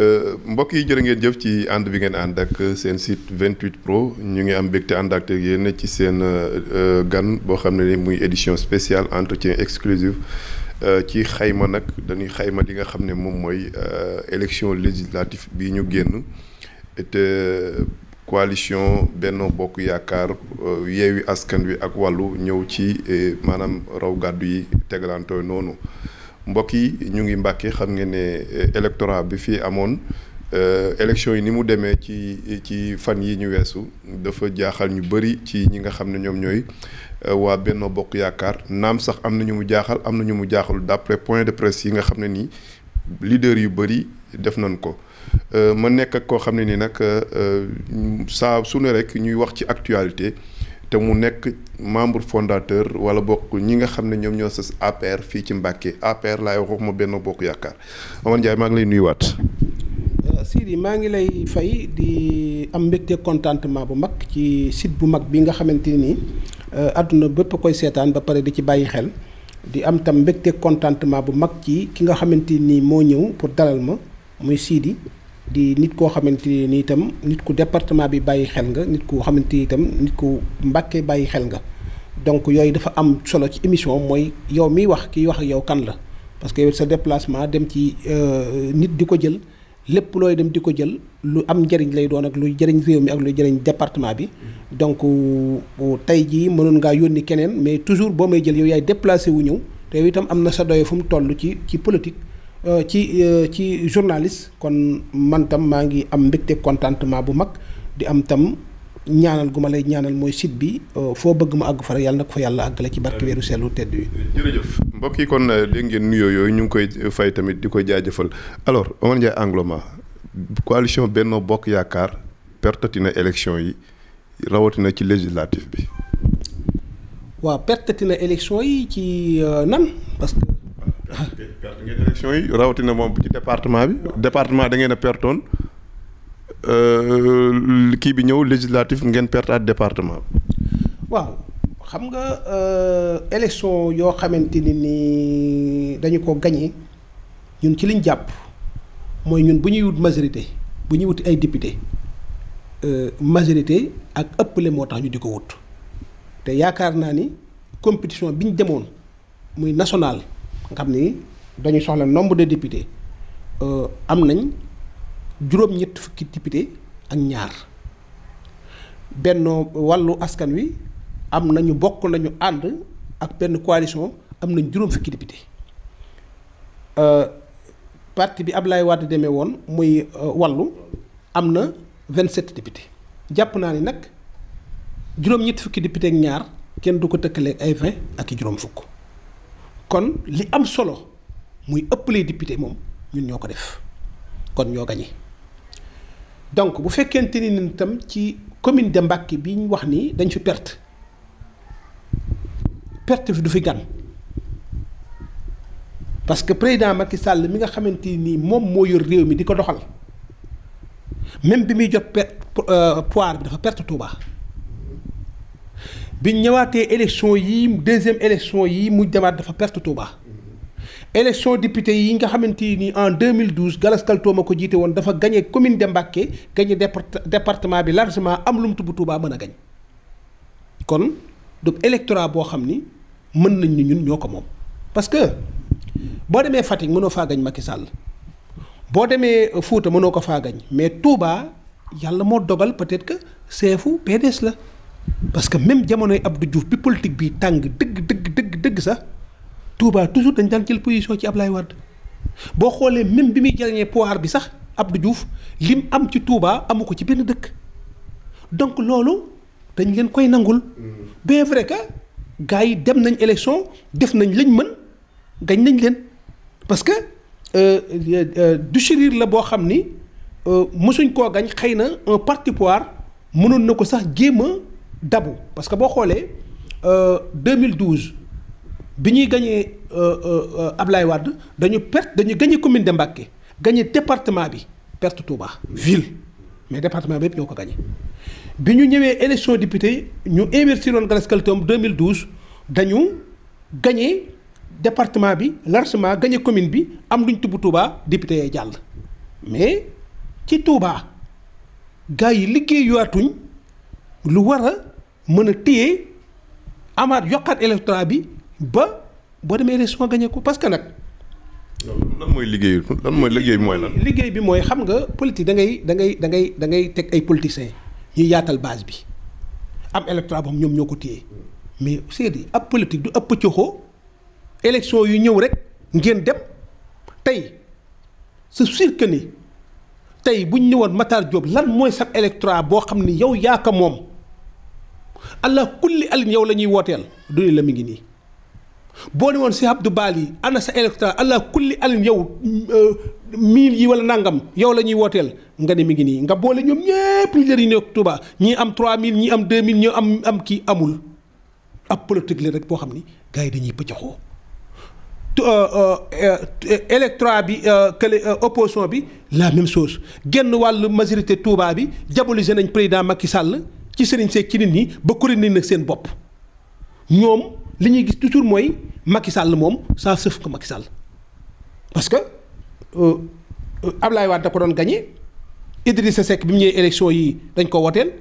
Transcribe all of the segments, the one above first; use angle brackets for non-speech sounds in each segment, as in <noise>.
Euh, mbokk yi jërë ngeen jëf ci ànd bi ngeen ànd ak seen site 28 pro ñu ngi am mbégte ànd ak yéen ci seen euh, gan boo xam ne ni muy édition spéciale entretien exclusive euh, ci xayma nag dañuy xayma li nga xam ne moom mooy élection législative bi ñu génn te coalition Benno Bokk Yaakaar Yewwi Askan Wi ak wàllu ñëw ci maanaam raw gàddu yi tegalantooy noonu mbokk yi ñu ngi Mbàkke xam nga ne euh, électorat bi fii amoon euh, élection yi ni mu demee ci ci fan yi ñu weesu dafa jaaxal ñu bëri ci ñi nga xam ne ñoom ñooy euh, waa Benno Bokk Yaakaar naam sax am na ñu mu jaaxal am na ñu mu jaaxalu d'après point de presse yi nga xam ne nii leader yu bëri def nañ ko ma nekk koo xam ne nii nag saa su ne rek ñuy wax ci actualité te mu nekk membre fondateur wala bokk ñi nga xam ne ñoom ñoo sës APR fii ci Mbàkke APR laay wax ma benn bokk yaakaar Omar Ndiaye maa ngi lay nuyuwaat. Euh, Sidi maa ngi lay fay di am mbégte contentement bu mag ci site bu mag bi nga xamante nii euh, àdduna bépp koy seetaan ba pare di ci bàyyi xel di am tam mbégte contentement bu mag ci ki nga xamante nii moo ñëw pour dalal ma muy Sidi. di nit koo xamante ni itam nit ku département bi bàyyi xel nga nit koo xamante ni itam nit ku Mbàkke bàyyi xel nga donc yooyu dafa am solo ci émission mooy yow mi wax kiy wax ak yow kan la parce que yow sa déplacement dem ci euh, nit di ko jël lépp looy dem di ko jël lu am njëriñ lay doon ak luy jëriñ réew mi ak luy jëriñ département bi donc euh, tey jii mënoon ngaa yónni keneen mais toujours boo may jël yow yaay déplacé wu ñëw te yow itam am na sa doye fu mu toll ci ci politique Euh, ci euh, ci journaliste kon man tam maa ngi am mbégte contentement bu mag di am tam ñaanal gu ma lay ñaanal mooy site bi euh, foo bëgg ma àgg fa rek yàlla na ko fa yàlla àggale ci barke weeru seelu tedd wi. jërëjëf mbokk yi kon dégg ngeen nuyoo yooyu ñu ngi koy fay tamit di ko jaajëfal alors Omar Ndiaye Angloma coalition Benno Bokk Yaakaar pertati na élection yi rawatina ci législative bi. waaw pertati na élection yi ci nan parce ah, perte ngeen élection yi rawatina moom ci département bi département da ngeen a pertoon euh, kii bi ñëw législatif ngeen perte at département. waaw xam nga euh, élection yoo xamante ni nii dañu ko gañe ñun ci liñ jàpp mooy ñun bu ñuy wut majorité bu ñuy wuti ay député euh, majorité ak ëpple moo tax ñu di ko wut te yaakaar naa ni compétition bi ñu demoon muy national nga xam ni dañu soxla nombre de députés euh, am nañ juróom-ñett fukki député ak ñaar benn Wallu Askan Wi am nañu bokk nañu ànd ak benn coalition am nañ juróom fukki député euh, parti bi ab lay Wade demee woon muy euh, Wallu am na vingt 27 députés jàpp naa ni nag juróom-ñett fukki député ak ñaar kenn du ko tëkkaleeg ay 20 ak i juróom fukk kon li am solo. muy ëpp ëppalee député moom ñun ñoo ko def kon ñoo gañe donc bu fekkente ni ni ci commune de Mbacké bi ñu wax nii dañ fi perte perte fi du fi gan parce que président Macky Sall mi nga xamante nii moom moo yor réew mi di ko doxal même bi muy jot euh, pouvoir bi dafa perte Touba bi ñëwaatee élection yi deuxième élection yi mu demaat dafa perte Touba élection député yi nga xamante ni en 2012 Galas Kaltooma ko jiite woon dafa gagné commune de Mbacké gagné département bi largement am lu mu tubb Touba mën a gañ kon du électorat boo xam ni mën nañ ni ñun ñoo ko moom. parce que boo demee Fatick mënoo faa gañ Macky Sall boo demee Fouta mënoo ko faa gañ mais Touba yàlla moo dogal peut-être que seefu PDS la parce que même jamonoy du Diouf bi politique bi tàng dëgg dëgg dëgg dëgg sax. Touba toujours dañ daan jël position ci ab Ablaye Wade boo xoolee même bi muy jëlee poir bi sax ab Abdou Diouf lim am ci Touba amu ko ci benn dëkk donc loolu dañ leen koy nangul mm. bien vrai que gars yi dem nañ élection def nañ lañ mën gañ nañ leen parce que euh, euh, euh, du chirir la boo xam ni mësuñ koo gañ xëy na un parti poir mënoon na ko sax jéem a dabu parce que boo xoolee 2012. bi ñuy gañee gagné euh, euh, Ablaye Wade dañu perte dañu gagné commune de Mbacké gagné département bi perte Touba ville mais département bi yëpp ko gagné. bi ñu ñëwee élection député ñu investiroon Gallas Kaltom 2012 dañu gagné département bi largement gagné commune bi am luñ tubb Touba député yee jàll mais ci Touba gars yi liggéeyuwaatuñ lu war a mën a téye amaat yokkaat électorat bi. ba boo demee élection gagné ko parce que nag. lan mooy liggéey lan mooy liggéey bi mooy lan. liggéey bi mooy xam nga politique dangay ngay da ngay da ngay da ngay teg ay politiciens ñu yaatal base bi am électorat boobu ñoom ñoo ko téye mais cest ab politique du ëpp coxoo élection yu ñëw rek ngeen dem tey c'est sûr ni tey bu ñu ñëwoon Matar Diop lan mooy sab électorat boo xam ni yow yaa moom allah kulli alin yow la ñuy wooteel du la mi ngi nii. boo ne woon si Abdou yi ana sa électorat allah kulli alin yow euh, mille yi wala nangam yow la ñuy wooteel nga ne mi ngi nii nga boole ñoom ñëpp leader yi nekk Touba ñii am 3000 ñii am 2000 ñoo am am kii amul ab politique la rek boo xam ni gars yi dañuy pëccaxoo. Euh, euh, électorat bi kële opposition bi la même chose genn wàll majorité Touba bi diabolisé nañ président Macky sàll ci sëriñ see ci nit ñi ba kuréel nañ nag seen bopp ñoom. li ñuy gis toujours mooy Macky sàll moom ça sauf que Macky Sall parce que euh, euh, Ablaye Wade da ko doon gagné Idrissa Seck bi mu ñëwee élection yi dañ ko woteel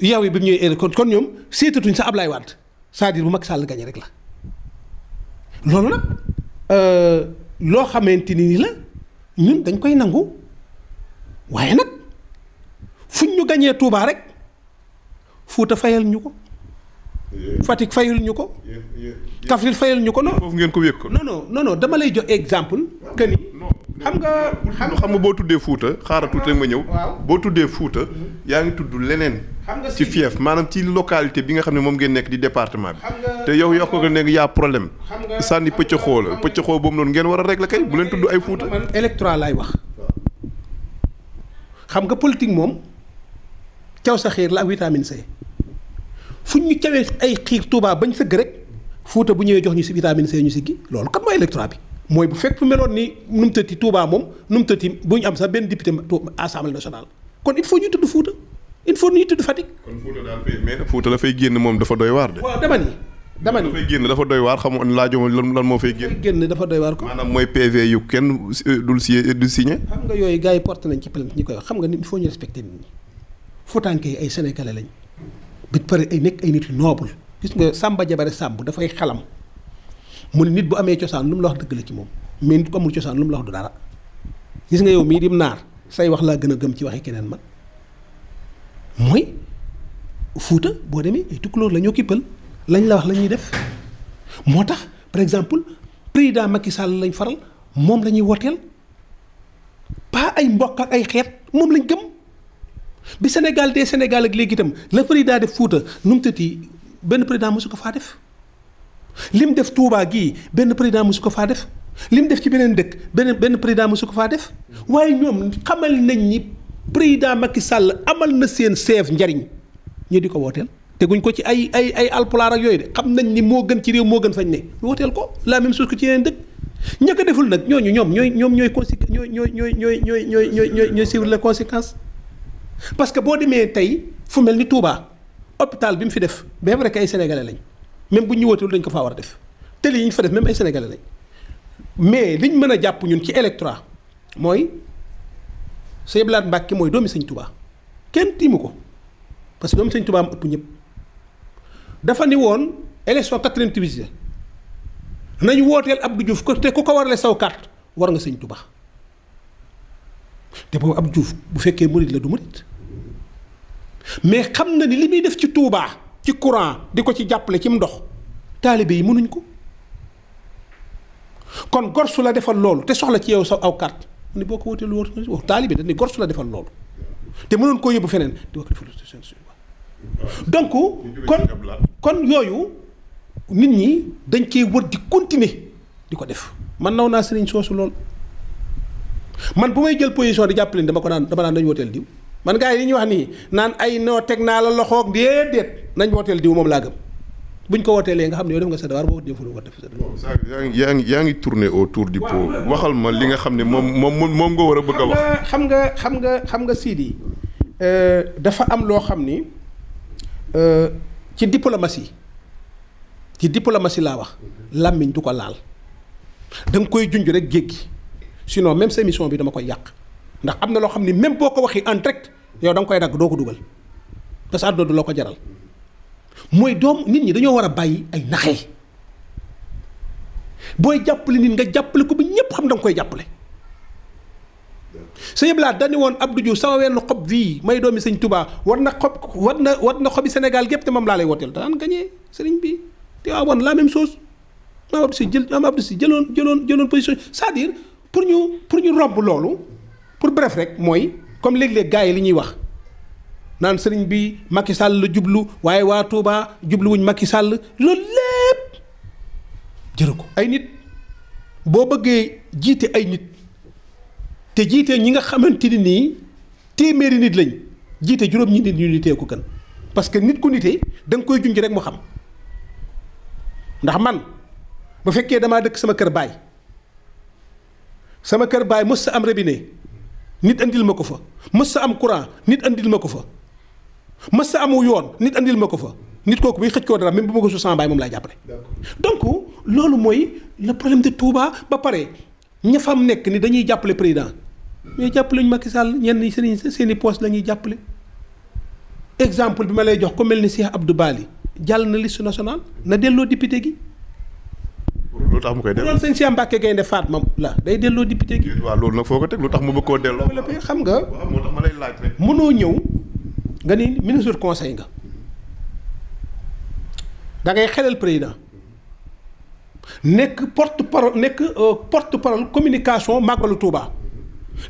yow yi bi mu ñëwee kon kon ñoom seetatuñ sa Ablaye Wade c'est-à-dire bu Macky Sall gagné rek la loolu nag euh, loo xamante ni la ñun dañ koy nangu waaye nag fuñ ñu gañee tuubaa rek Fuuta fayal ñu ko. Fatick fayul ñu ko. Kaffrine fayal ñu ko non. foofu ngeen ko wékk ko. non non dama lay jox exemple. que xam nga. xam nga boo tuddee Fuuta xaaratul tuuti ma ñëw. boo tuddee Fuuta. Mhm. yaa ngi tudd leneen. ci fief maanaam ci localité bi nga xam ne moom ngeen nekk di département bi. te yow yokk ko nekk yaa problème. sànni pëcc xoo la pëcc xoo boobu noonu ngeen war a la kay bu leen tudd ay Fuuta. man électoral laay wax. xam nga politique moom. caw sa xiir la ak C. fu ñu cawee ay xiir Touba bañ sëgg rek Fuuta bu ñëwee jox ñu si vitamine C ñu siggi loolu kat mooy électorat bi mooy bu fekk fu meloon ni nu mu moom nu mu tëtti ñu am sax benn député assemblée nationale kon il faut ñu tudd Fuuta il faut ñu tudd Fatick. kon Fuuta daal mais Fuuta la génn moom dafa doy waar de. waaw dama ni dama ni dafay génn dafa doy waar xam nga moo fay génn. génn dafa doy waar mooy PV yu kenn dul si du signé. xam nga yooyu gars yi porté nañ ci plainte ñi koy wax xam nga nit il faut ñu respecté nit ñi Fuutaanke yi ay sénégalais lañ bi pare ay nekk ay nit yu noble gis nga Samba Jabare Samb dafay xalam mu ne nit bu amee cosaan lu mu la wax dëgg la ci moom mais nit ko amul cosaan lu mu du dara gis nga yow mii mu naar say wax laa gën a gëm ci waxi keneen man mooy fuuta boo demee ay lañoo la kippal lañ la wax la ñuy def moo tax par exemple président Macky sàll lañ faral moom lañuy ñuy woteel pas ay mbokk ay xeet moom lañ gëm bi Sénégal de Sénégal ak léegi itam la président def Fuuta nu mu tëti benn président mosu ko faa def lim def Touba gii benn président mosu ko faa def lim def ci beneen dëkk benn benn président mosu ko faa def waaye ñoom xamal nañ ni président makki sàll amal na seen seef njariñ ñu di ko wooteel teguñ ko ci ay ay ay alpulaar ak yooyu de xam nañ ni moo gën ci réew moo gën fañ ne wooteel ko la même chose que ci yeneen dëkk ña deful nag ñooñu ñoom ñooy ñoom ñooy consi ñooy ñooy ñooy ñooy ñooy ñooy ñooy suivre les conséquences parce que boo demee tey fu mel ni Touba hôpital bi mu fi def bien vrai ay sénégalais lañ même bu ñu wootul dañ ko faa war a def télé yi ñu fa def même ay sénégalais lañ mais liñ mën a jàpp ñun ci électorat mooy Sëñ Blaat Mbàkke mooy doomi sañ Touba kenn tiimu ko parce que doomi Sëñ Touba am ëpp ñëpp dafa ni woon élection 88 nañu wooteel ab Diouf ko te ku ko warale saw carte war nga Sëñ Touba te boobu Abdou juuf bu fekkee murit la du murit mais xam na ni li muy def ci Touba ci courant di ko ci jàppale ci mu ndox taalibe yi mënuñ ko kon gor su la defal loolu te soxla ci yow sa aw kart mu ne boo ko wotee lu wóor taalibe dañ ne gor su la defal loolu te mënoon koo yóbbu feneen di wax donc kon kon yooyu nit ñi dañ cee wër di di ko def man naw naa sëriñ soosu lool man bu may jël position di jàppale dama ko daan dama man gars yi li ñuy wax nii naan ay noo teg naa la loxoog déedéet nañ wooteel diw moom laa gëm buñ ko wooteelee nga xam ne yow def nga sa devoir boo deful nga def sa devoir. yaa ngi yaa ngi tourné autour du pot. waxal ma li nga xam ne moom moom moom nga war a bëgg a wax. xam nga xam nga xam nga Sidi euh, dafa am loo xam ni euh, ci masi ci masi laa wax làmmiñ du ko laal da koy junj rek géej gi sinon même sa bi dama koy yàq. ndax am na loo xam ne même boo ko waxee en direct yow da koy dagg doo ko dugal te sa àdduna du la ko jaral mooy doom nit ñi dañoo war a bàyyi ay naxee booy jàppale nit nga jàppale ko ba ñëpp xam ne nga koy jàppale. sëñ Abdou Lahad dañu woon du Diouf sama wenn xob bii may doomi sëñ Touba war na xob war na war na xobi Sénégal gépp te moom laa lay wooteel daan gañee sëriñ bi te waa woon la même chose maam Abdou si jël maam Abdou si jëloon jëloon jëloon position cest pour ñu pour ñu romb loolu. pour bref rek mooy comme léeg-léeg gars yi li ñuy wax naan sëriñ bi Macky Sall la jublu waaye waa Touba jubluwuñ Macky Sall loolu lépp jëru ko ay nit boo bëggee jiite ay nit te jiite ñi nga xamante ni nii téeméeri nit lañ jiite juróom ñi nit ñu nitee ko gën parce que nit ku nitee da nga koy junj rek mu xam ndax man bu fekkee damaa dëkk sama kër baay sama kër baay mos sa am robinet nit andil ma ko fa mës am courant nit andil ma ko fa mës sa amu yoon nit andil ma ko fa nit kooku buy xëccoo dara même bu ma ko su sama baay moom laay jàppale. donc loolu mooy le problème de Touba ba pare ña fam nekk ni dañuy jàppale président mais jàppale ñu Macky Sall ñenn seen i seeni i poste la jàppale. exemple bi ma lay jox ko mel ni Cheikh Abdou Bali jàll na liste national na delloo dépité gi. lu tax mu koy delloo loolu sëñ Cheikh Mbacke Gaynde Fatma la day delloo député gi. waaw loolu nag foo ko teg lu tax mu bëgg koo delloo. xam nga ma lay laaj rek. mënoo ñëw nga ni ministre conseil nga da xelal président nekk porte parole nekk euh, porte parole communication màggalu Touba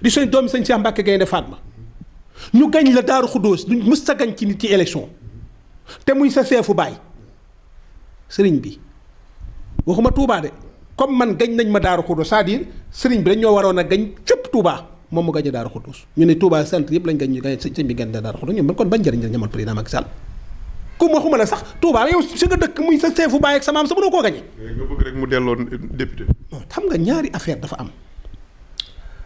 di sëñ doomi sëñ Cheikh Mbacke Gaynde Fatma ñu gañ la Daaru Xudóos duñ mës sa gañ ci nit ci élection te muy sa seefu baay sëriñ bi. waxuma Touba de comme man gañ nañ ma Daaru Xudus c'est-à-dire sëriñ bi dañoo waroon a gañ fépp Touba moom mu gañ a Daaru Xudus ñu ne tuubaa centre yëpp lañ gañ ñu gañ sëñ bi gañ a Daaru Xudus ñoom man kon ban njëriñ la sax Touba yow muy sa seefu bàyyi ak sa maam sa mënoo koo gañe. nga bëgg rek mu xam nga ñaari affaire dafa am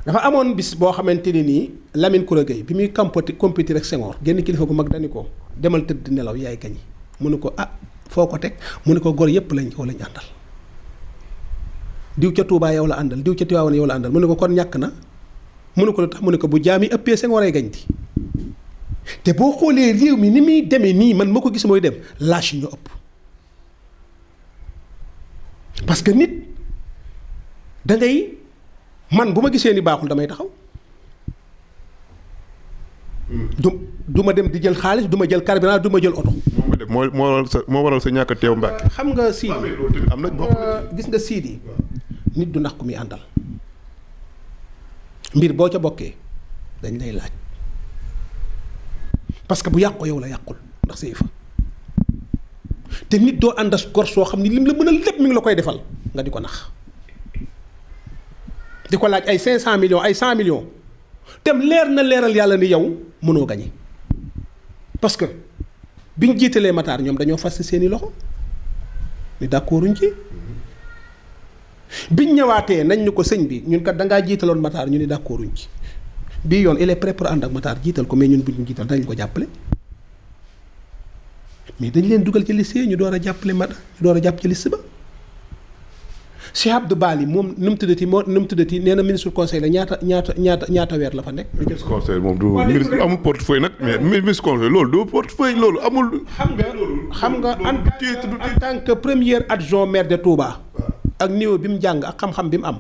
dafa amoon bis boo xamante ne nii Lamine Koura Gueye bi muy compéti compétir ak Senghor génn kilifa gu mag dani ko demal tëdd nelaw yaay gañi mu ne ko ah foo ko teg mu ne ko gor yëpp lañ ko lañ àndal diw ca Touba yow la àndal diw ca Tiwaawan yow la àndal mu ne ko kon ñàkk na mu ne ko lu tax mu ne ko bu jaam yi ëppee seen waree gañ di te boo xoolee réew mi ni muy demee nii man ma ko gis mooy dem lâche ñu ëpp parce que nit da man bu ma gisee ni baaxul damay taxaw hmm. du du ma di jël xaalis du jël carburant du jël oto. moo waral sa moo waral xam nga Sidi am na euh, gis nga Sidi. nit du nax ku muy àndal mbir boo ca bokkee dañ lay laaj parce que bu yàqoo yow la yàqul ndax séy fa te nit doo ànd as gor soo xam ni lim la mën a lépp mi ngi la koy defal nga di ko nax di ko laaj ay cent millions ay cent millions dem leer na leeral yàlla ni yow mënoo gañe parce que biñ jiitalee mataar ñoom dañoo fas seeni loxo ni d'accorduñ ci. biñ ñëwaatee nañ ñu ko sëñ bi ñun kat da ngaa jiitaloon Matar ñu ni d'accord uñ ci bii yoon il est prêt pour ànd ak Matar jiital ko mais ñun buñ ñu jiital danañ ko jàppale mais dañ leen dugal ci liste ñu door a jàppale Matar ñu door a jàpp ci liste ba Cheikh Abdou Bali moom nu mu tuddati moo nu mu tuddati nee na ministre conseil la ñaata ñaata ñaata ñaata weer la fa nekk. ministre conseil moom du ministre amul portefeuille nag mais ministre conseil loolu du portefeuille loolu amul. xam nga xam nga en tant que premier adjoint maire de Touba. ak niveau bi mu jàng ak xam-xam bi mu am.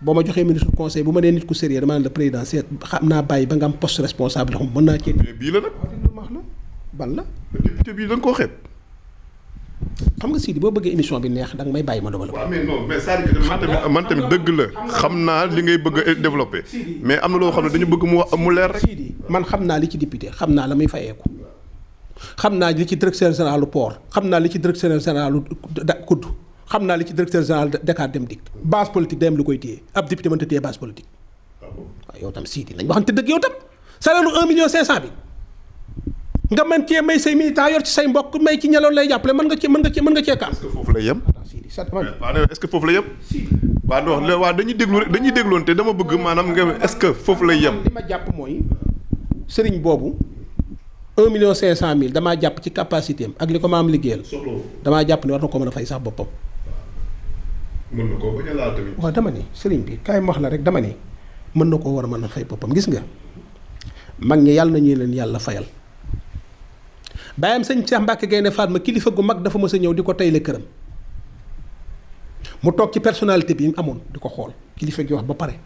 boo ma joxee ministre conseil bu ma nee nit ku sérieux dama ne la président seet xam naa bàyyi ba nga am poste responsable xam mën naa ban la. député bii da nga koo xeeb. xam nga Sidi boo bëggee émission bi neex danga may bàyyi ma doon. waaw mais non mais man tamit man tamit la xam naa li ngay bëgg a développé. mais am loo xam ne dañu bëgg mu wax mu leer rek. man xam naa li ci député xam naa la muy fayeeku xam naa li ci directeur général port xam naa li ci directeur général COUD. xam naa li ci directeur général Dakar dem dikk base politique day am lu koy téye ab député mënta téye base politique. waaw ah ah, yow tam siiti nañ waxante dëgg yow tam salaire lu 1 million 500 bi nga mën cee may say militant yor say mbokk may ci ñeloon lay jàppale mën cee mën nga cee mën nga cee kaam. est-ce que foofu la yem. Ah, est-ce que foofu la bëgg maanaam nga est foofu lay yem. li ma jàpp mooy sëriñ boobu. 1 million 500 mille damaa jàpp ci capacité am ak li ko ma am liggéeyal. damaa jàpp ne war na ko mën a fay sax boppam. mën na koo bañ a dama ni sëriñ bi kaay wax la rek dama ni mën na koo war a mën a fay boppam gis nga mag ñi yàlla nañu leen yàlla fayal bàyyam sëñ Cheikh Mbacke Gaynde Fatma kilifa gu mag dafa mës a ñëw di ko tayle këram mu toog ci personnalité bi amoon di ko xool kilifa gi wax ba pare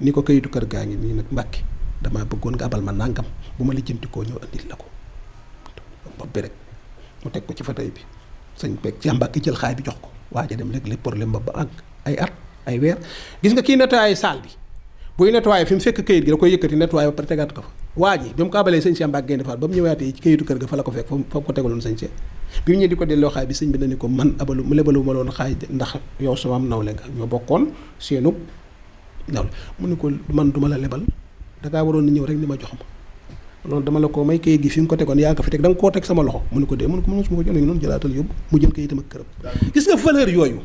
ni ko kayitu kër gaa ngi nag Mbacke damaa bëggoon nga abal ma nangam bu ma lijjanti koo ñëw andil la ko bopp bi rek mu teg ko ci fa tey bi sëñ Cheikh Mbacke jël xaay bi jox ko. waa a dem rek le problème ba ba ak ay at ay weer gis nga kii nettoyé salle bi buy nettoyé fi mu fekk kayit gi da koy yëkkati nettoyé ba pare tegaat ko mu ko abalee sëñ Cheikh Mbacke Gaynde Fall ba mu ñëwaatee ci kër ga fa la ko fekk fa mu ko tegaloon sëñ Cheikh bi mu ñëwee di ko delloo xaay bi sëñ bi dañu ko man abalu mu lebalu ma loon xaay ndax yow sama am nawle nga ñoo bokkoon seenub nawle mu ne ko man duma la lebal da ngaa waroon na ñëw rek ni ma jox ma loolu dama la ko may kayit gi fi mu ko tegoon yaa ngi ko fi teg da koo teg sama loxo mu ko dee mu ne ko mënu su ma ko jëlee noonu jëlaatal yóbbu mu jël kayitam ak këram gis nga valeur yooyu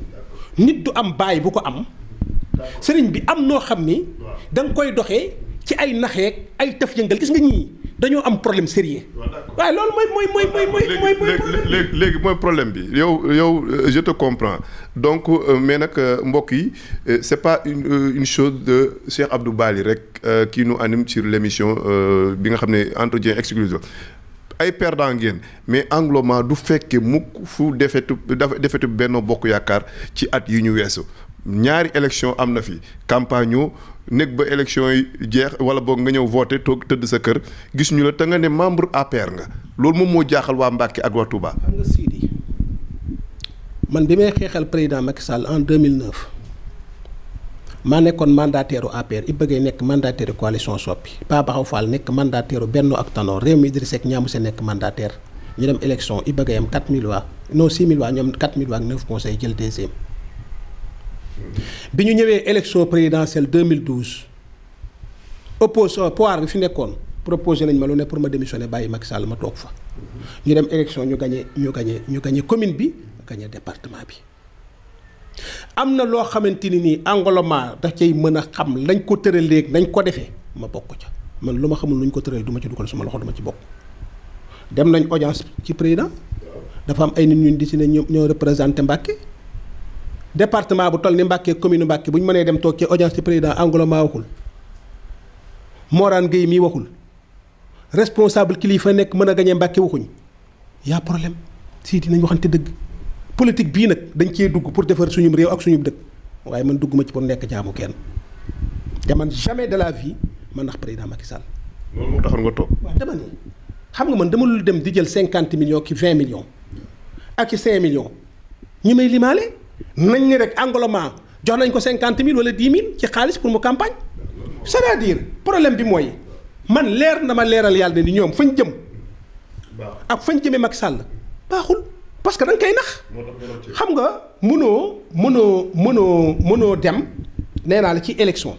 nit du am baay bu ko am sëriñ bi am noo xam ni da koy doxee ci ay naxeek ay tëf yëngal gis nga ñii dañoo am problème sérieux waaye loolu mooy mooy mooy mooy mooy mooy léegi léegi mooy problème bi yow yow euh, je te comprends donc euh, mais nag euh, mbokk yi c'est pas une une chose de Cheikh Abdou Bali rek qui nous anime sur l'émission bi nga xam ne entretien exclusif ay perdant ngeen mais Anglo Mar du fekke mukk fu defetu defetu Benno Bokk Yaakaar ci at yi ñu weesu ñaari élection am na fi campagne néeg ba élection yi jeex wala boog nga ñëw voté toog tëdd sa kër gis ñu la te nga ne membre APR nga loolu moom moo jaaxal waa Mbacke ak waa Touba. xam nga Sidi man bi may xeexal président Macky Sall en 2009 maa nekkoon mandataire APR i bëggee nekk mandataire coalition Soppi Paa Baxaw Fall nekk mandataire Benno ak Tanor Rewmi Idrissa Seck ñaamu sa nekk mandataire ñu dem élection i bëggee am 4000 voix non 6000 ñoom 4000 voix ak 9 conseils jël bi ñu ñëwee élection présidentielle 2012 opposition pouvoir bi fi nekkoon proposé nañ ma lu ne pour ma démissionner bàyyi Macky Sall ma toog fa. ñu dem élection ñu gagné ñu gagné ñu gagné commune bi gagné département bi. am na loo xamante ni nii Angloma da cay mën a xam lañ ko tëralee nañ ko defee ma bokk ca man lu ma xamul luñ ko tëralee duma ci dugal suma loxo du ci bokk. dem nañ audience ci président dafa am ay nit ñu di si ne ñoo représenté Mbàkke département bu toll ni Mbàkke commune Mbàkke bu ñu mënee dem toog ci audience ci président Angola maa waxul Morane Gueye mii waxul responsable kilifa nekk mën a gañee Mbàkke waxuñ y'a problème sii dinañ waxante dëgg politique bii nag dañ cee dugg pour defar suñu réew ak suñu dëkk waaye man dugg ma ci pour nekk jaamu kenn te man jamais de la vie man ndax président Macky Sall. loolu moo taxoon nga toog. waaw ma ni xam nga man dama lu dem di jël cinquante millions ki vingt millions ak ci cinq millions nañu ni rek Angloma jox nañ ko cinquante mille wala dix mille ci xaalis pour mu campagne c'est-à-dire problème bi mooy man leer na ma leeral yàlla ni ñoom fañ jëm ak fañ jëmee Macky Sall baaxul parce que da koy nax xam nga mënoo mënoo mënoo mënoo dem nee naa ci élection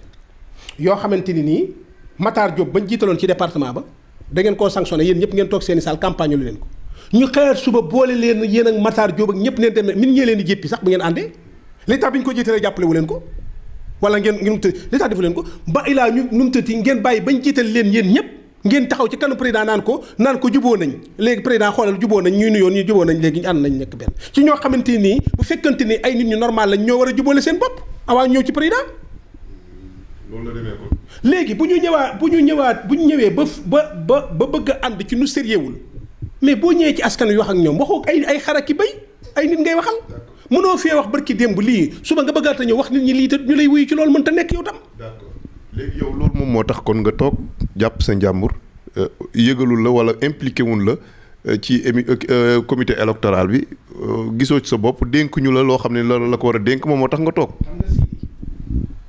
yoo xamante ni nii Matar Diop bañ jiitaloon ci département ba da ngeen koo sanctionné yéen ñëpp ngeen toog seeni saal campagne lu leen ko ñu xëyaat suba boole leen yéen ak Matar Diop ñëpp neen dem min ñee leen di jéppi sax bu ngeen àndee l'état bi ñu ko jiitalee jàppale leen ko wala ngeen ngeen tëj l'état defu leen ko ba ilaa ñu nu mu tëti ngeen bàyyi bañ jiital leen yéen ñëpp ngeen taxaw ci kanu président naan ko naan ko juboo nañ léegi président xoolal juboo nañ ñuy nuyoon ñu juboo nañ léegi ñu ànd nañ nekk benn ci ñoo xamante nii bu fekkante ni ay nit ñu normal lañ ñoo war a jubóole seen bopp avant ñëw ci président loolu la demee léegi bu ñu ñëwaat bu ñu ñëwaat bu ñu ñëwee ba ba ba ba bëgg a ànd ci nu sérieux wul mais boo ñëwee ci askan wi wax ak ñoom waxoo ay ay xara ki bay ay nit ngay waxal mënoo fee wax barki démb lii suba nga bëggaat a ñëw wax nit ñi lii te ñu lay wuyu ci loolu mën mënta nekk yow tam. d'accord léegi yow loolu moom moo tax kon nga toog jàpp sa njàmbur euh, yëgalul la wala impliqué wun la euh, ci émi euh, comité électoral bi gisoo ci sa bopp dénk ñu la loo xam ne la la ko war a dénk moom moo tax nga toog.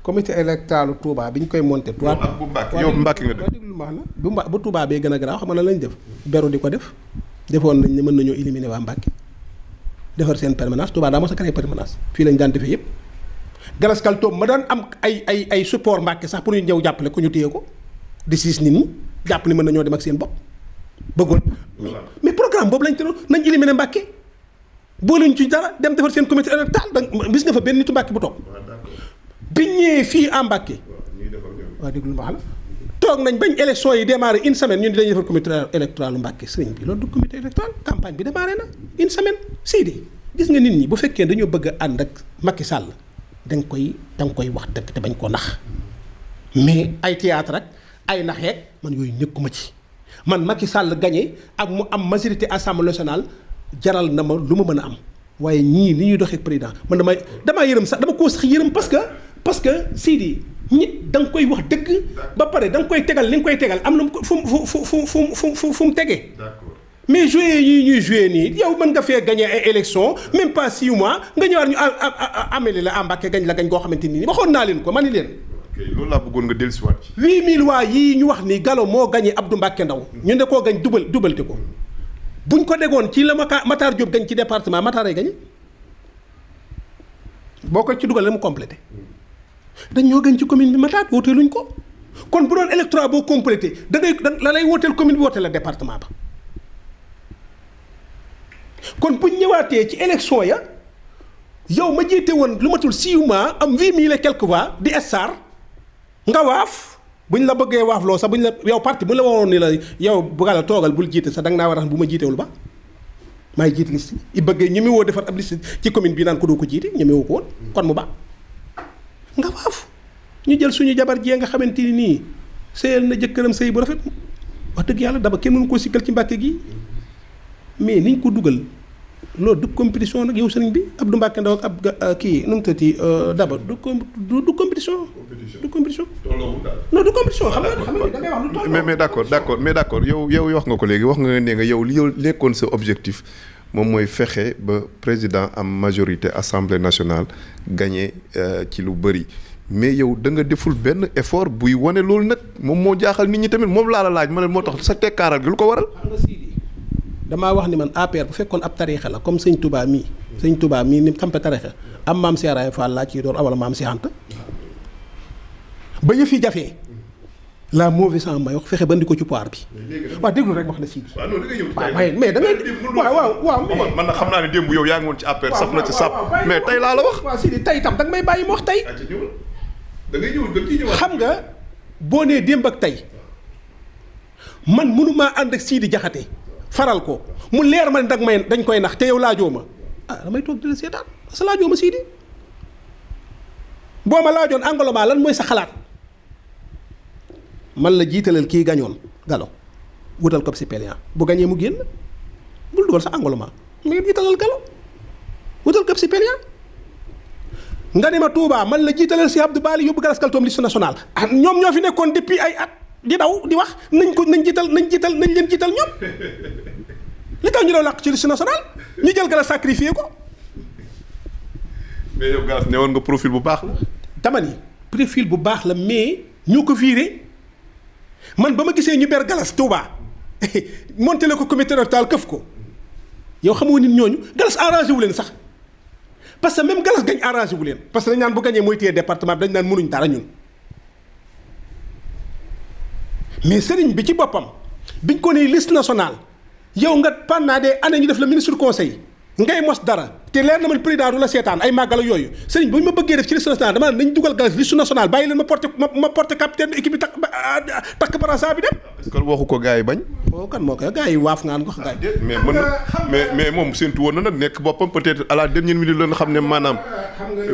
comité électoral Touba bi ñu koy monté. Touba ak bu Mbacke yow Mbacke nga def déglu ma bu Mba bee gën a garaaw xam nga lañ def beru di ko def defoon nañ a ma daan am ay ay ay support Mbacke sax pour ñu ñëw ko ñu téye ko di siis nit ñi jàpp ni mën nañoo dem ak seen bopp bëggoon mais programme boobu lañ tëral nañ éliminer Mbacke booluñ ci dara dem defar seen comité électoral da nga fa benn nitu Mbacke bu toog biñ ñëwee fii à Mbacké waaw déglu ma xam toog nañ bañ élection yi démarré une semaine ñun dañuy defar comité électoral Mbacké sëriñ bi loolu du comité électoral campagne bi démarré na une semaine sii de gis nga nit ñi bu fekkee dañoo bëgg a ak Macky Sall da nga koy da koy wax dëgg te bañ koo nax mais ay théâtre ak ay naxeek man yooyu nekkuma ci man Macky Sall gagné ak mu am majorité assemblée nationale jaral na ma lu ma mën a am waaye ñii ni ñuy doxee pr man parce que Sidi nit da koy wax dëgg ba pare da koy tegal li nga koy tegal am na fu mu fu fu fu fu fu mu tegee. mais joué yi ñuy joué nii yow mën nga fee gagné ay élection même pas six mois nga ñëwaat ñu ameli la Mbàkke gañ la gañ goo xamante ni waxoon naa leen ko ma ni leen. loolu laa bëggoon nga dellusiwaat ci. 8000 waa yii ñu wax ni Gallo moo gagné Abdou Mbàkke Ndaw ñu ne koo gañ dubal dubalte ko buñ ko degoon ci la Matar Diop gañ ci département Matar ay gañ boo ko ci dugal la mu complété. dañ ñoo gën ci commune bi ma mataat wooteeluñ ko kon bu doon électorat boo complété da ngay la lay wooteel commune bi wooteel la département ba kon buñ ñëwaatee ci élection ya yow ma jiite woon lu matul six mois am huit mille et quelque voix di star nga waaf buñ la bëggee waaf loo sax buñ la yow parti buñ la waxoon ni la yow buggal toogal bul jiite sax danga naa war a bu ma jiitewul ba maay jiite liste i bëggee ñu ñemewoo defar ab liste ci commune bi naan ko doo ko jiite ñemewoo ko woon kon mu nga waaf ñu jël suñu jabar jee nga xamante ni nii sëyal na jëkkëram sëy bu rafet wax dëgg yàlla daba kenn mënu koo sikkal ci mbàkke gi mais niñ ko dugal loolu du compétition nag yow sëriñ bi Abdou Mbacke Ndaw ak ab euh, kii nu mu tëddee euh, daba du com du compétition. du compétition non du compétition xam nga ah, xam nga da ngay wax mais mais d' accord mais d' accord yow yow wax nga ko léegi wax nga ne nga yow li yow nekkoon sa objectif. moom mooy fexe ba président am majorité assemblée nationale gagné euh, ci lu bëri mais yow da nga deful benn effort buy wane loolu nag moom moo jaaxal nit ñi tamit moom laa la laaj ma ne moo tax sa tekkaaral gi lu ko waral. damaa wax ni man APR bu fekkoon ab tariixa la comme sëñ Touba mii. sëñ Touba mii ni xam tariixa am maam Seeraay Fall laa ciy door wala maam Seexanta ba yëf yi jafee. la mauvaise en wax fexe bandi ko ci poire bi. waaw déglu rek wax la si. waaw loolu dangay ñëw xam naa ne démb yow yaa ngi woon ci APR saf na ci sap mais tey laa la wax. waaw si tey itam danga may bàyyi ma wax tey. da ngay ñëw da ciy xam nga boo nee démb ak tey man mënumaa ànd ak di Jaxate faral ko mu leer ma ne danga may dañ koy nax te yow laajoo ma ah damay toog di la seetaan parce laajoo ma Sidi boo ma laajoon Angloma lan mooy sa xalaat. man la jiitalal kii gañoon galo wutal ko si pelian bu gañee mu génn bul dugal sa engoulement mais jiitalal galo wutal ko si pelian nga ne ma Touba man la jiitalal si Abdou Bali yóbbu Galas Kaltoom liste nationale ah, ñoom ñoo fi nekkoon depuis ay at di daw di wax nañ ko nañ jiital nañ jiital nañ leen jiital ñoom li tax ñu doon làq ci liste nationale ñu jël Galas sacrifié ko. mais yow Galas ne woon nga profil bu baax la. dama ni profil bu baax la mais ñoo ko viré. man ba ma gisee ñu ber galas Touba <laughs> monté la ko comité rectal këf ko yow xamoo nit ñooñu galas arrangé wu leen sax parce que même galas gañ arrangé wu leen parce que dañ naan bu gañee mooy téye département bi dañ naan mënuñ dara ñun mais sëriñ bi ci boppam biñ ko nee liste nationale yow nga pendant des années ñu def la ministre conseil ngay mos dara te leer na man président seetaan ay màggal yooyu sëriñ bu ñu ma bëggee def ci liste nationale dama ne nañ dugal galas liste nationale bàyyi leen ma porté ma porté capitaine équipe bi takk ah, yi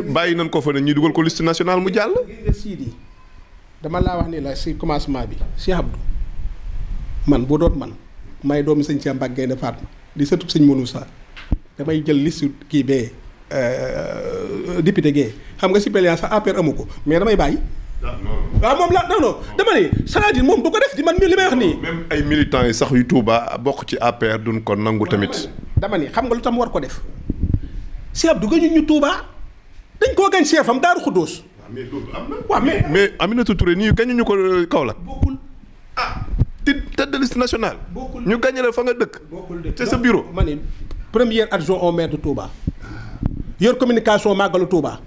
bañ. ko fa ne ñu dugal ko laa wax ni la si commencement bi Cheikh Abdou man boo doon man may doomi sëñ Cheikh Mbacke Gaynde Fatma di sëtub sëñ Mounou saa damay jël liste kii bee euh, euh, député gee xam nga suppléant sax APR amu ko mais damay bàyyi. waaw ah, ah, moom laa non dama ni cest moom du ko def di man mi li may wax nii. ay militants yu sax yu Touba bokk ci APR dun ko nangu tamit. dama ni xam nga lu tam war ko def Cheikh Abdou gañu ñu Touba dañ koo gañ chef ah, am Daaru Xuddoos. waaw mais mais Aminata Touré nii gañu ñu ko euh, Kaolack. bokkul ah. di tête de liste nationale. bokkul ñu gañu la fa nga dëkk. bokkul de sa bureau. ma premier adjoint au maire de Touba yor communication màggalu Touba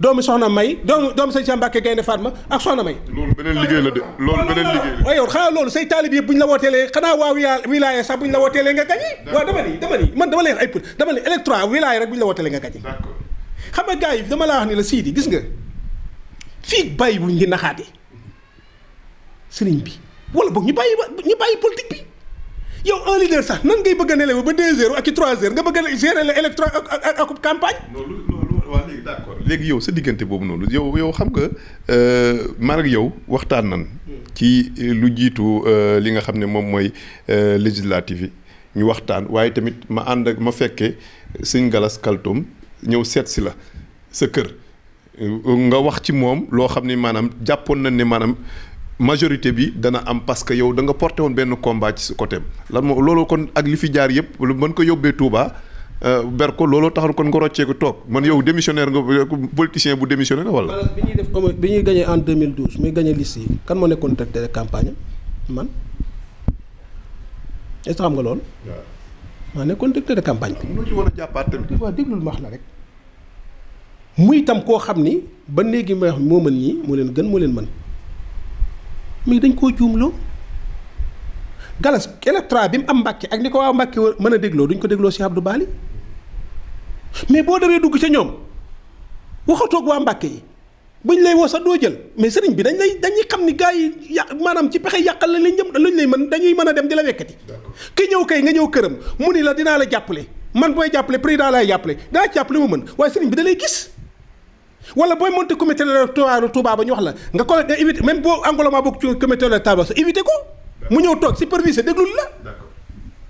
doomu soxna May doomu doomu sëñ Cheikh Mbacke Gaynde Fatma ak soxna May. loolu beneen liggéey la de loolu beneen liggéey la. waaye yow xanaa loolu say taalib yëpp bu ñu la wooteelee xanaa waa wiya wilaya sax bu ñu la wooteelee nga gañe. waaw dama ni dama ni man dama lay wax ay pour dama ni électorat wilaya rek bu ñu la wooteelee nga gañe. d'accord xam nga gars yi dama laa wax ni la Sidi gis nga fii bàyyi wuñ ngi naxaate sëriñ bi wala boog ñu bàyyi ñu bàyyi politique bi yow un leader sax nan ngay bëgg a ba deux heures ak i trois heures nga bëgg a gérer ak ak campagne. loolu loolu waa léegi yow sa diggante boobu noonu yow yow xam nga euh, man ak yow waxtaan nan ci lu jiitu euh, li nga xam ne moom mooy euh, législative yi ñu waxtaan waaye tamit ma ànd ak ma fekkee sëñ Galas Kaltoom ñëw seet si la sa kër nga wax ci moom loo xam ne maanaam jàppoon nañ ne maanaam. majorité bi dana am parce que yow da nga porté woon benn combat ci sa côté lan moo looloo kon ak li fi jaar yëpp lu mën ko yóbbee Touba euh, ber ko looloo taxal kon nga roccee ko toog man yow démissionnaire nga politicien bu démissionnaire wala. bi ñuy def bi ñuy gagné en 2012 muy gagné liste yi kan moo nekkoon directeur de campagne man est ce que xam nga loolu. waaw nekkoon directeur de campagne bi. mënoo ci a jàppaat tamit. waaw déglul ma wax muy tam koo xam ni ba léegi may moo mën ñii mu leen gën moo leen mën. mais dañ koo juumloo galas électorat bi mu am Mbàkke ak ni ko waa Mbàkke mën a dégloo duñ ko dégloo si Abdou Bali mais boo demee dugg ca ñoom waxatoog waa Mbàkke yi buñ lay woo a doo jël mais sëriñ bi dañ lay dañuy xam ni gars yi yà maanaam ci pexe yàqal la lañ jëm lay mën dañuy mën a dem di la wekkati ki ñëw kay nga ñëw këram mu ni la dinaa la jàppale man booy jàppale président laay jàppale dinaa jàppale mu mën waaye sëriñ bi dalay lay gis wala booy monté comité électoral Touba ba ñu wax la nga ko nga éviter même boo Angloma bokk ci comité électoral ba sa éviter ko. mu ñëw toog superviseur déglu la.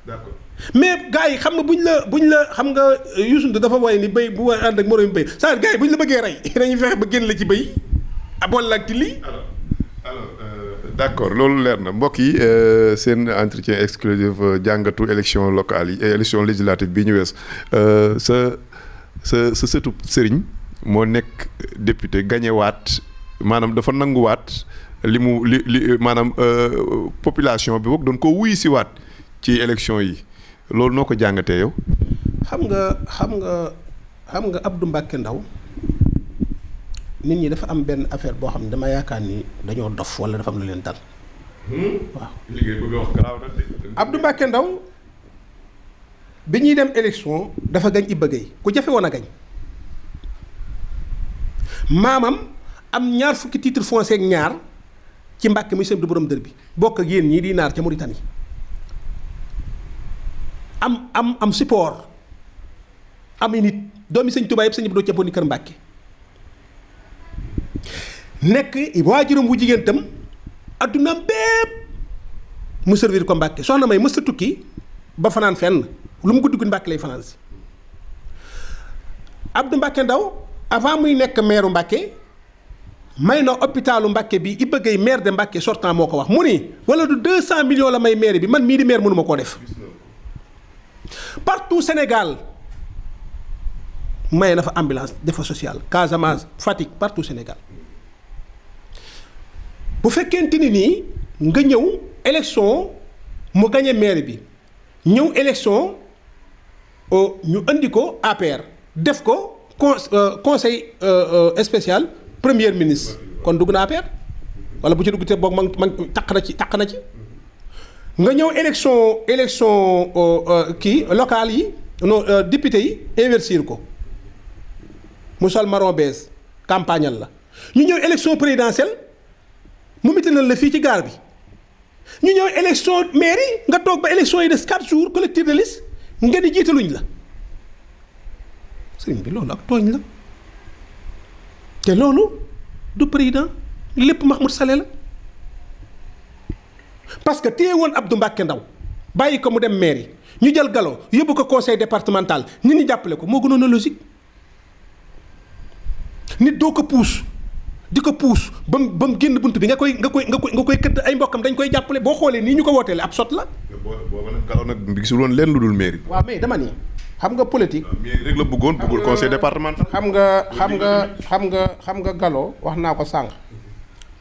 d'accord mais gars yi xam nga buñ la buñ la xam nga euh, Youssou Ndour dafa woy ni béy bu war ànd ak moroom béy saa gars yi la bëggee rey <laughs> dañuy fexe ba génn la ci béy abool ah, ak ci lii. Euh, loolu leer na mbokk yi euh, seen entretien exclusif jàngatu élection locale yi élection législative bi ñu wees sa sa sa sëtu sëriñ. moo nekk député gañewaat maanaam dafa nanguwaat li mu li li maanaam euh, population bi boog doon ko wuy waat ci élection yi loolu noo ko jàngatee yow. xam nga xam nga xam nga Abdou Mbacke Ndaw nit ñi dafa am benn affaire boo xam ne dama yaakaar ni dañoo dof wala dafa am lu leen dal. Hmm? waaw liggéey bëgg Ndaw bi ñuy dem élection dafa gañ Iba Guèye ku jafe woon a gañ. maamam am ñaar fukki titre foncier ak ñaar ci Mbàkke muy sëñ du borom dër bi bokk ak yéen ñii di naar ca Mauritanie am am am support am i nit doomi sëñ Tuubaa yëpp sëñ bi doo jàppoon Mbàkke nekk waajuram wu jigéen addunaam bépp mu servir ko Mbàkke soxna may mësta tukki ba fanaan fenn lu mu guddi guddi Mbàkke lay fanaan si Abdou Mbàkke Ndaw avant muy nekk maire Mbacke may na hôpitalu Mbacke bi Iba Guèye mair de Mbacke sortant moo ko wax mu ni wala du 200 millions la may maire bi man mii di maire mënuma koo def partout Sénégal may na fa ambulance defa sociale Casamance Fatick partout Sénégal bu fekkente ni nii nga ñëw élection mu gañe maire bi ñëw élection oh, ñu indi ko APR def ko. con euh, conseil euh, euh, spécial premier ministre kon dugg naa peer wala bu ci dugg te boog man man taq na ci taq na ci nga ñëw élection élection kii locale yi non député yi investir ko mu sol marron bees campagnal la ñu ñëw élection présidentielle mu mitinal la fii ci gaar bi ñu ñëw élection mairie nga toog ba élection yi des quatre jours collectif de liste nga di jiitaluñ la sëriñ bi loolu ak tooñ la te loolu du président lépp Mahmoud sale la parce que téye woon ab du Mbacke Ndaw bàyyi ko mu dem mairie ñu jël Gallo yóbbu ko conseil départemental nit ñi jàppale ko moo gënoon a logique nit doo ko puus di ko puus ba mu ba mu génn bunt bi nga koy nga koy nga koy nga koy këdd ay mbokkam dañ koy jàppale boo xoolee nii ñu ko wooteele ab sot la. boobu nag Gallo nag gisul woon dul mairie. waaw mais dama xam nga politique. mairie rek la bëggoon bëggul conseil départemental. xam nga xam nga xam nga xam nga galo wax naa ko sànq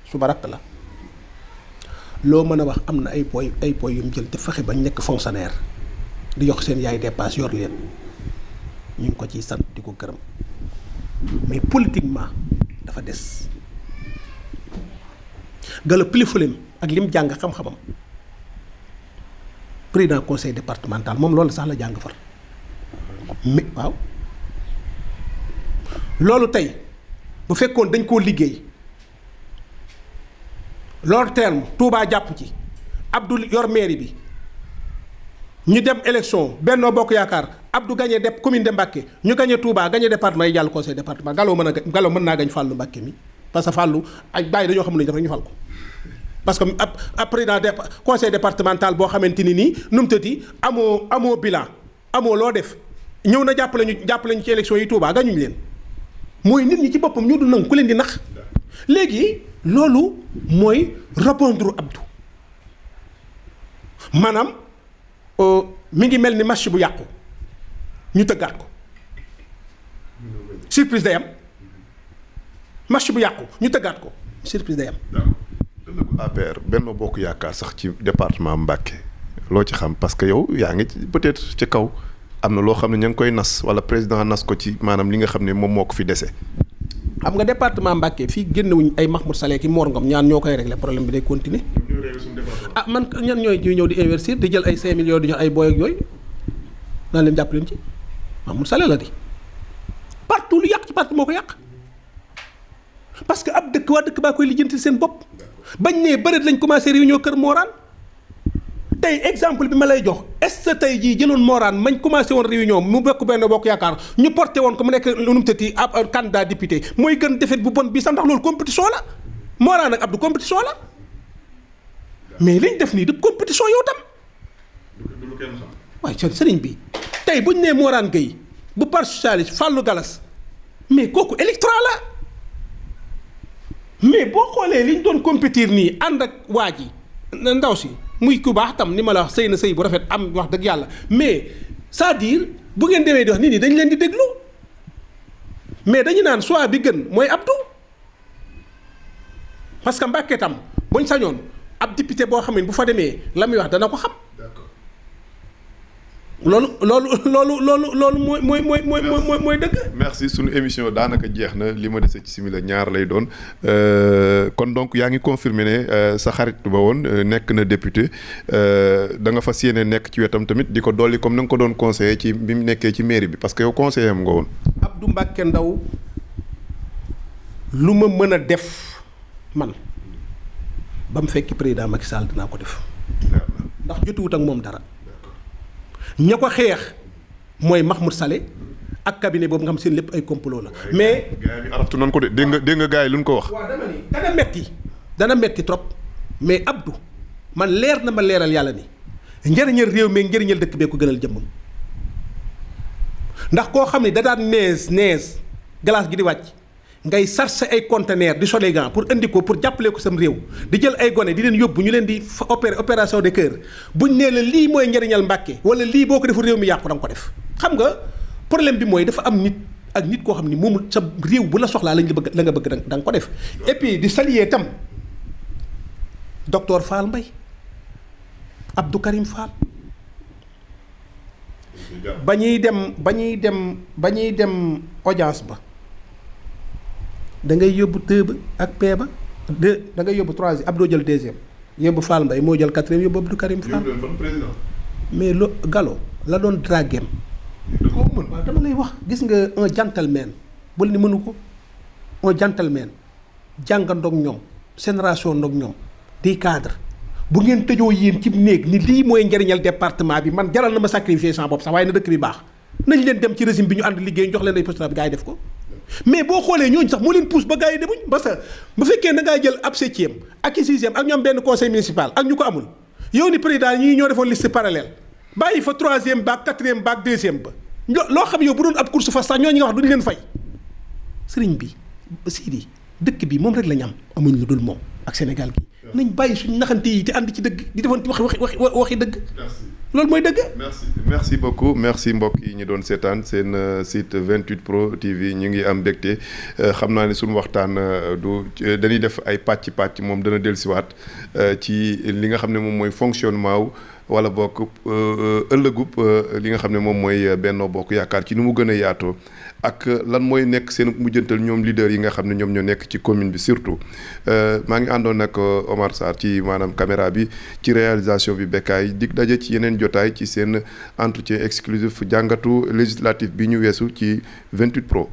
suba rakk la loo mën a wax am na ay poy ay poy yu mu jël te fexe ba nekk fonctionnaire di jox seen yaay dépasse yor leen ñu ngi ko ci sant di ko këram mais politiquement dafa des. gala pilifalim ak lim jàng xam-xamam président conseil départemental moom loolu sax la jàng far mais waaw loolu tey bu fekkoon dañ koo liggéey loolu terme Touba jàpp ci Abdou yor mairie bi ñu dem élection Benno Bokk Yaakaar Abdou gagné dep commune de Mbacké ñu gagné Touba gagné département yi jàll conseil département galoo mën naa gañ Fallou mbàkke mi parce que fàllu ak bàyyi dañoo xam ne dafa rek ñu fal ko parce que ab ab président de conseil départemental boo xamante ni nii nu amoo amoo bilan amoo loo def ñëw na jàpp ñu jàpp ñu ci élection yi Touba gañuñ leen mooy nit ñi ci boppam ñoo dul nangu ku leen di nax léegi loolu mooy répondre Abdou maanaam euh, mi ngi mel ni match bu yàqu ñu tëggaat ko surprise day am. match bu yàqu ñu tëggaat ko surprise day am. dëgg la Bokk Yaakaar sax ci département Mbacké loo ci xam parce que yow yaa ngi peut-être ci kaw am na loo xam ne ña ngi koy nas wala président nas ko ci maanaam li nga xam ne moom moo ko fi dese. xam nga département Mbacké fii génnewuñ ay Mahmoud Saleh ki Mor Ngom ñaan ñoo koy régler problème bi day continuer ah man ñan ñooy ñuy ñëw di investir di jël ay 5 millions di jox ay booy ak yooyu naan leen jàpp leen ci Mahmoud Saleh la di partout moo ko yàq. parce que ab dëkk waa dëkk baa koy lijjanti seen bopp bañ nee bëreet lañ commencé réunion kër Mooraan tey exemple bi ma lay jox est-ce que tey jii jëloon Mooraan mañ commencé woon réunion mu bokk benn bokk yaakaar ñu porté woon ko mu nekk nu mu tëddee ab candidat député mooy gën defet bu bon bi sax ndax loolu compétition la Mooraan ak Abdou compétition la mais liñ def nii du compétition yow tam. du lu kenn xam. waaye sëriñ bi tey buñ nee Mooraan Gueye bu parti socialiste Fallou Galas mais kooku électoral la. mais boo xoolee li ñu doon compétir nii ànd ak waa ji ndaw si muy ku baax tam ni ma la wax sëy na sëy bu rafet am wax dëgg yàlla mais cest à bu ngeen demee di wax nit ñi dañ leen di déglu mais dañu naan choix bi gën mooy Abdou parce que Mbàkke tam buñ sañoon ab député boo xam ne bu fa demee la muy wax dana ko xam. loolu loolu loolu loolu loolu mooy mooy mooy mooy mooy dëgg. merci sunu émission daanaka jeex na li ma dese ci simila ñaar lay doon euh, kon donc yaa ngi confirmé ne euh, sa xarit ba woon euh, nekk na député da nga fas yéene nekk ci wetam tamit di ko dolli comme na nga ko doon conseiller ci bi mu nekkee ci mairie bi parce que yow conseiller am nga woon. Abdou Mbacke Ndaw lu ma mën a def man ba mu fekki président Macky Sall dinaa ko def. ndax jotuwut ak moom dara. ña ko xeex mooy mu Saleh ak cabinet boobu nga xam seen lépp ay complot nag mais. araftu nañ ko de dégg nga dégg nga gars yi lu ñu ko wax. waaw dama ni dana metti dana metti trop mais Abdou man leer na ma leeral yàlla ni njëriñal réew mi njëriñal dëkk bee ko gënal jëmm ndax koo xam ne da daan nees nees glace gi di wàcc. ngay sarse ay conteneur di solee gan pour indi ko pour jàppale ko sam réew di jël ay gone di leen yóbbu ñu leen di opérer opération de cœur buñ nee la lii mooy njëriñal Mbàkke wala lii boo ko defu réew mi yàqu da ko def xam nga problème bi mooy dafa am nit ak nit koo xam ni moom sa réew bu la soxlaa lañu la bëgg la nga bëgg da nga ko def et di saluer tam docteur Fall mbay Abdou Karim ba ñuy dem ba ñuy dem ba ñuy dem audience ba da ngay yóbbu tëb ak pee ba deux da ngay yóbbu troisième Abdou jël deuxième yóbbu Fall mbay moo jël quatrième yóbbu Abdou Karim Fall mais lo galo la doon draguem koo mën dama lay wax gis nga un gentleman bul ni mënu ko un gentleman jàngandoog ñoom génération ndoog ñoom di cadre bu ngeen tëjoo yéen ci néeg ni lii mooy njariñal département bi man jaral na ma sacrifier sans bopp sax waaye na dëkk bi baax nañ leen dem ci régime bi ñu ànd liggéey jox leen ay poste bi ko mais boo xoolee ñooñu sax moo leen pousse ba gars yi demuñ parce que bu fekkee da ngaa jël ab septième ak i sixième ak ñoom benn conseil municipal ak ñu ko amul yow ni président ñi ñoo defoon liste parallèle bàyyi fa troisième ba ak quatrième ba ak deuxième ba loo xam yow bu doon ab course fas sax ñooñu nga wax duñu leen fay sëriñ bi Sidi dëkk bi moom rek lañ am amuñ lu dul moom ak Sénégal gi nañ bàyyi suñu naxante yi te di ci dëgg di defanti wax wax wax waxi dëgg. loolu mooy dëgg. merci merci beaucoup merci mbokk yi ñu doon seetaan seen euh, site 28 pro TV ñu ngi am mbégte euh, xam naa ne suñu waxtaan euh, du dañuy def ay pàcc pàcc moom dana dellusiwaat ci li nga xam ne moom mooy fonctionnement wu wala bokk ëllëgub li nga xam ne moom mooy Benno Bokk Yaakaar ci nu mu gën a yaatoo. ak lan mooy nekk seen mujjantal ñoom leader yi nga xam ne ñoom ñoo nekk ci commune bi surtout euh, maa ngi àndoon nag euh, Omar Sarr ci maanaam caméra bi ci réalisation bi bekkaay dig daje ci yeneen jotaay ci seen entretien exclusif jàngatu législatif bi ñu weesu ci 28 pro.